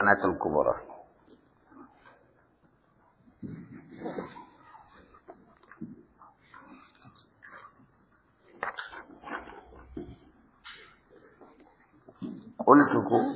Ana saku bora. Kuma daga hukumu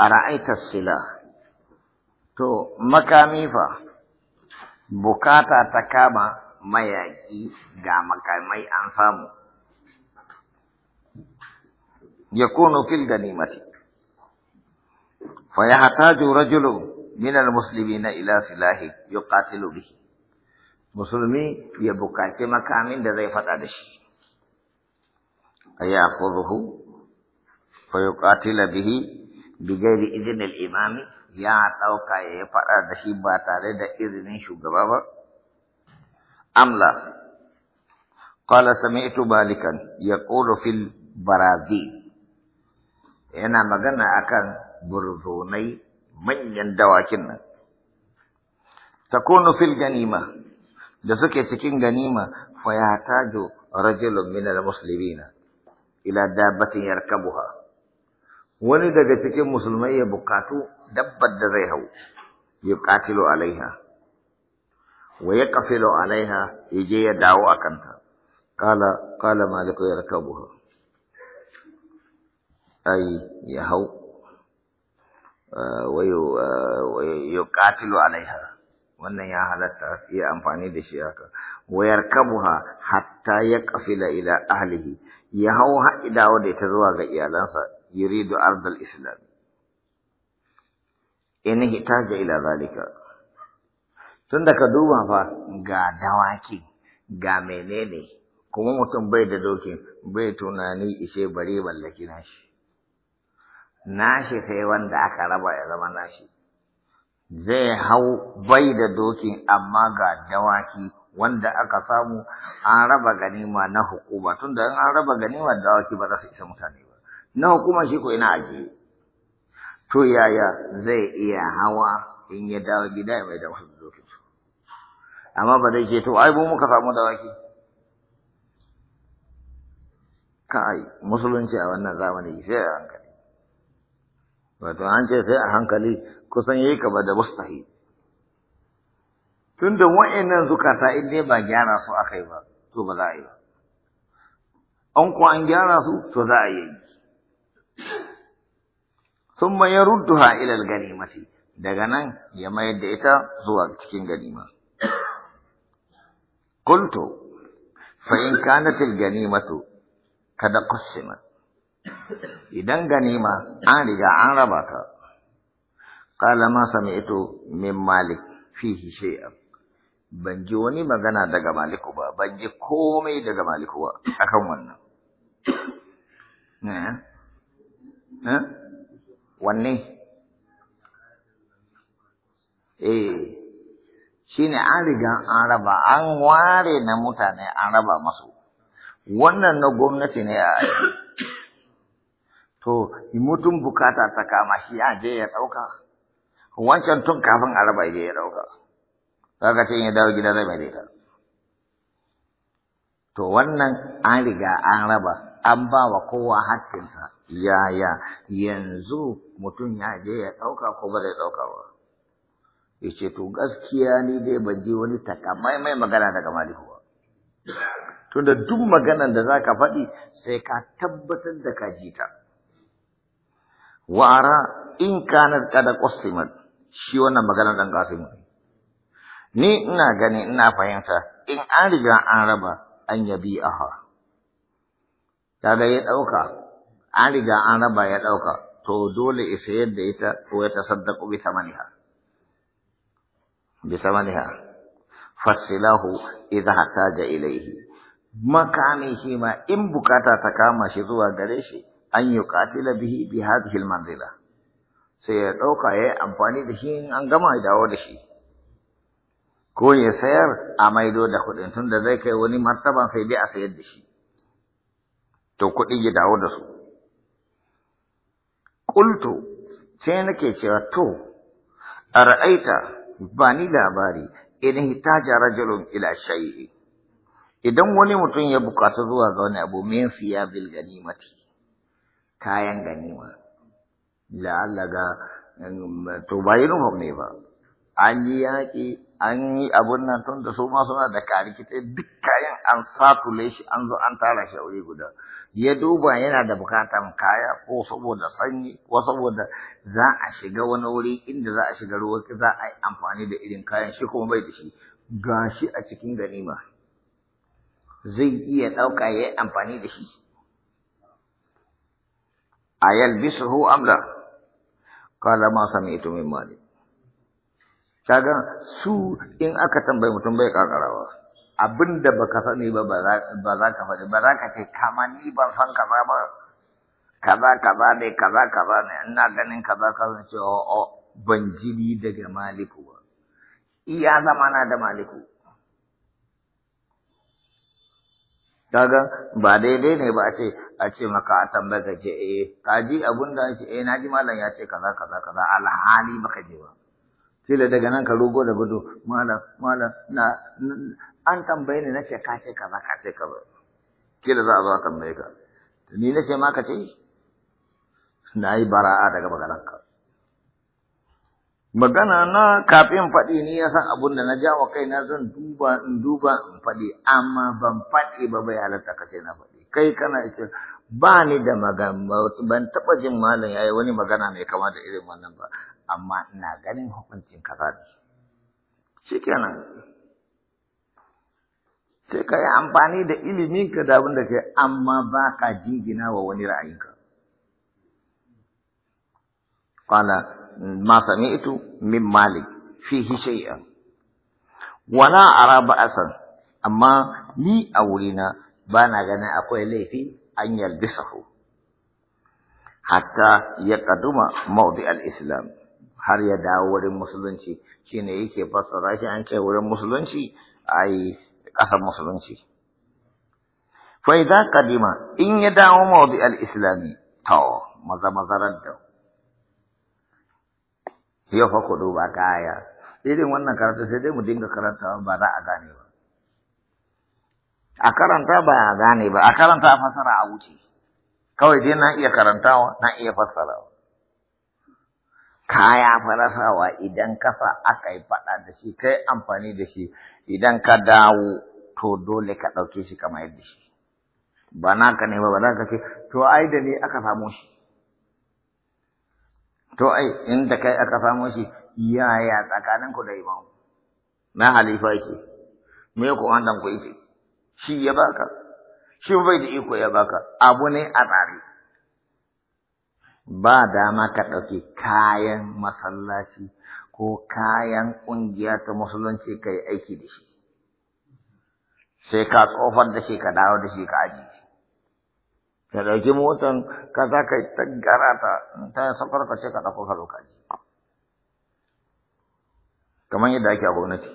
ana aita sila to makami bukata ta kama mayaki ga makamai an samu. yakunu fil ganimati fa yahtaju rajulun min al muslimina ila silahi yuqatilu bihi muslimi ya buka makamin da zai fada da shi ayakhuruhu fa yuqatila bihi bi ghairi idin al imam ya dauka ya fada da shi ba tare da izinin shugaba ba amla qala sami'tu balikan yaqulu fil barazil yana magana akan burzonai manyan dawakin nan takunu fil ganima da suke cikin ganima fa tajo rajulun min al muslimina ila dabbatin yarkabuha wani daga cikin musulmai ya bukatu dabbar da zai hau katilo alaiha wa yaqfilu alaiha yaje ya dawo akanta qala qala maliku yarkabuha أي يهو ويقاتل عليها wannan ya halatta iya amfani da shi haka wayar kabuha hatta ya kafila ila ahlihi ya hau ha'ida da ita zuwa ga iyalansa yuridu ardal islam in hitaja ila zalika tun da ka duba fa ga dawaki ga menene kuma mutum bai da dokin bai tunani ishe bare ballaki na shi nashi sai wanda aka raba ya zama nashi zai hau bai da dokin amma ga dawaki wanda aka samu an raba ganima na hukuma tunda in an raba ganima dawaki ba za su isa mutane ba na hukuma shi ko ina ajiye to yaya zai iya hawa in ya dawo gida ya mai da wasu dokin su amma ba zai ce to ai mu muka samu dawaki kai musulunci a wannan zamani sai a wato an ce sai a hankali kusan yayi kaba da mustahi tunda wa'annan zukata in dai ba gyara su aka yi ba to ba za a yi ba an ko an gyara su to za a yi thumma yarudduha ila al daga nan ya mayar da ita zuwa cikin ganima qultu fa in kanat kada qussimat idan ganima an riga an raba ka qala ma ito min malik fihi shay'an ban ji wani magana daga maliku ba ban ji komai daga maliku ba akan wannan eh? Eh? wanne eh shine an riga an raba an ware na mutane an raba masu wannan na gwamnati ne a To, mutum bukata ta kama shi ya je ya ɗauka. Wancan tun kafin a raba je ya ɗauka. Kaga ce ya dawo gidan zai mai To wannan an riga an raba, an ba wa kowa hakkinsa. Yaya yanzu mutum ya je ya ɗauka ko ba zai ɗauka ba. Ya to gaskiya ni dai ban je wani takamaimai magana daga Maliku ba. Tunda duk maganan da za ka faɗi sai ka tabbatar da ka ji ta. wa'ara in kanar kada qasimat shi wannan maganar dan qasim ni ina gani ina fahimta in an riga an raba an yabi aha kaga ya dauka an riga an raba ya dauka to dole isa yadda ita ko ya tasaddaqu bi thamaniha bi thamaniha fasilahu idha hataja ilayhi makami shi ma in bukata ta kama shi zuwa gare shi an yi katila bihi bi hadhihi manzila sai ya ɗauka ya yi amfani da shi in an gama dawo da shi ko ya sayar a maido da kuɗin tunda zai kai wani martaban sai dai a sayar da shi to kuɗi ya dawo da su ƙultu sai nake cewa to a ra'aita ba ni labari idan hitaja rajulun ila shay'i idan wani mutum ya bukata zuwa ga wani abu min fiya bil ganimati kayan ganima la'alla ga um, to ba uniform ne ba an yi yaƙi an yi abun nan tun da su ma suna da karikita duk kayan an satule shi an zo an tara shi aure guda ya duba yana da bukatan kaya ko saboda sanyi ko saboda za a shiga wani wuri inda za a shiga ruwa za a yi amfani da irin kayan shi kuma bai da shi gashi a cikin ganima zai iya ɗauka ya yi amfani da shi ayal أم لا قال ما itu من kaga su in aka tambaye mutum bai kakarawa abinda baka sani ba ba za ka faɗi ba za ka ce kama ni ban san kaza ba kaza kaza ne kaza kaza ne ina ganin kaza kaza ce o oh, oh, ban jini daga maliku ba iya zama na da maliku kaga ba daidai ne ba a ce a ce maka a tambaye ka ce eh ka ji abun da ce eh naji malam ya ce kaza kaza kaza alhali baka je ba kila daga nan ka rogo da gudu malam malam na an tambaye ni nace ka ce kaza ka ce kaza kila za a zo a tambaye ka ni nace ma ka ce na yi bara'a daga maganar ka magana na kafin faɗi ni ya san abin da na ja wa kaina zan duba in duba in faɗi amma ban faɗi ba bai halatta kace na faɗi kai kana ce ba ni da magana ban taɓa jin malam yayi wani magana mai kama da irin wannan ba amma ina ganin hukuncin kaza ne kenan sai ka yi amfani da ka da abin da ke amma ba ka jingina wa wani ra'ayinka kwana. ma itu min malik fihi shay'a wala ara asan, amma ni a wurina ba ganin akwai laifi an yalbisahu hatta ya kaduma maudi al-islam har ya dawo wurin musulunci shine yake basa shi an kai wurin musulunci ai kasar musulunci fa idza kadima in ya dawo maudi al-islami to maza mazarar da yau fa ku duba kaya irin wannan karatu sai dai mu dinga karanta ba za a gane ba a karanta ba a gane ba a karanta a fasara a wuce kawai dai na iya karantawa na iya fassara. kaya farasawa idan kasa aka yi faɗa da shi kai amfani da shi idan ka dawo to dole ka ɗauke shi kamar yadda shi ba naka ne ba ba za ka ce to ai da ni aka samu shi to ai inda kai aka samu shi yaya tsakanin ku da imamu. na halifa yake me ku wannan ku yake shi ya baka shi bai da iko ya baka abu ne a tsari ba dama ka ɗauki kayan masallaci ko kayan ƙungiya ta musulunci ka aiki da shi sai ka tsofar da shi ka dawo da shi ka ajiye ka ɗauki motan ka za ka yi ta garata ta safar ka ce ka ɗauko ka roka ji kamar yadda ake a gwamnati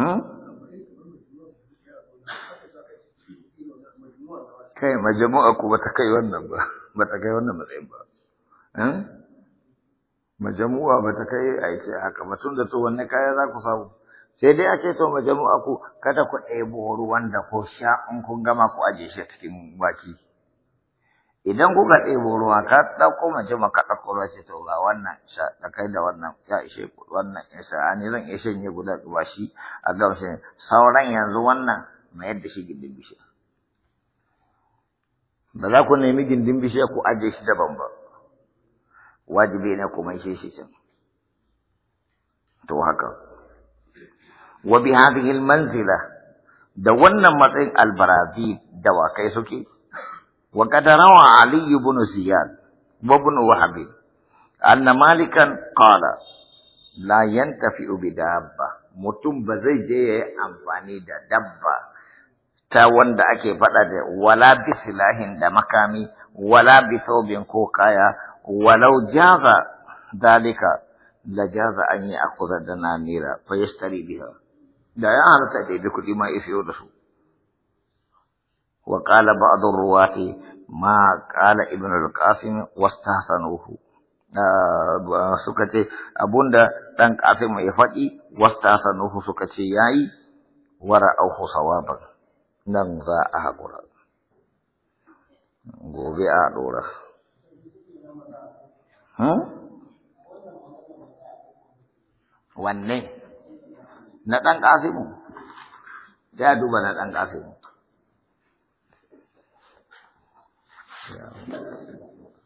hmm? kai majamu'a ku ba ta kai wannan ba ba ta kai wannan matsayin ba hmm? majamu'a ba ta kai a ce haka mutum da to wanne kaya za ku samu sai dai a ce to jamu aku, kada ku ɗebo ruwan da ko sha in kun gama ku aje shi cikin baki idan kuka ɗebo ruwa ka ɗauko majama ka ɗauko ruwa ce to ga wannan sha da kai da wannan ya ishe ku wannan ya sha ni zan iya shanye guda ba shi a gamshin sauran yanzu wannan na yadda shi gindin bishiya ba za ku nemi gindin bishiya ku aje shi daban ba wajibi ne ku maishe shi can to haka وبهذه المنزلة دونا مطيق البرازيل دوا كيسوكي وقد روى علي بن زياد وابن وهب أن مالكا قال لا ينتفئ بدابة متم بزيجي أنفاني دابة تاون دا أكي فتاة ولا بسلاح دا مكامي ولا بثوب كوكايا ولو جاغ ذلك لجاز أن يأخذ دنانيرا فيشتري بها da ya halatta da bi kudi ma isiyo da su wa qala ba'd ruwati ma qala ibn al-qasim wastahsanuhu ah, suka ce abunda dan qasim ya faɗi wastahsanuhu suka ce yayi wara'ahu sawaban nan za a hakura gobe a dora hmm? Wannan. na ɗan ƙasimu sai a duba na ɗan ƙasimu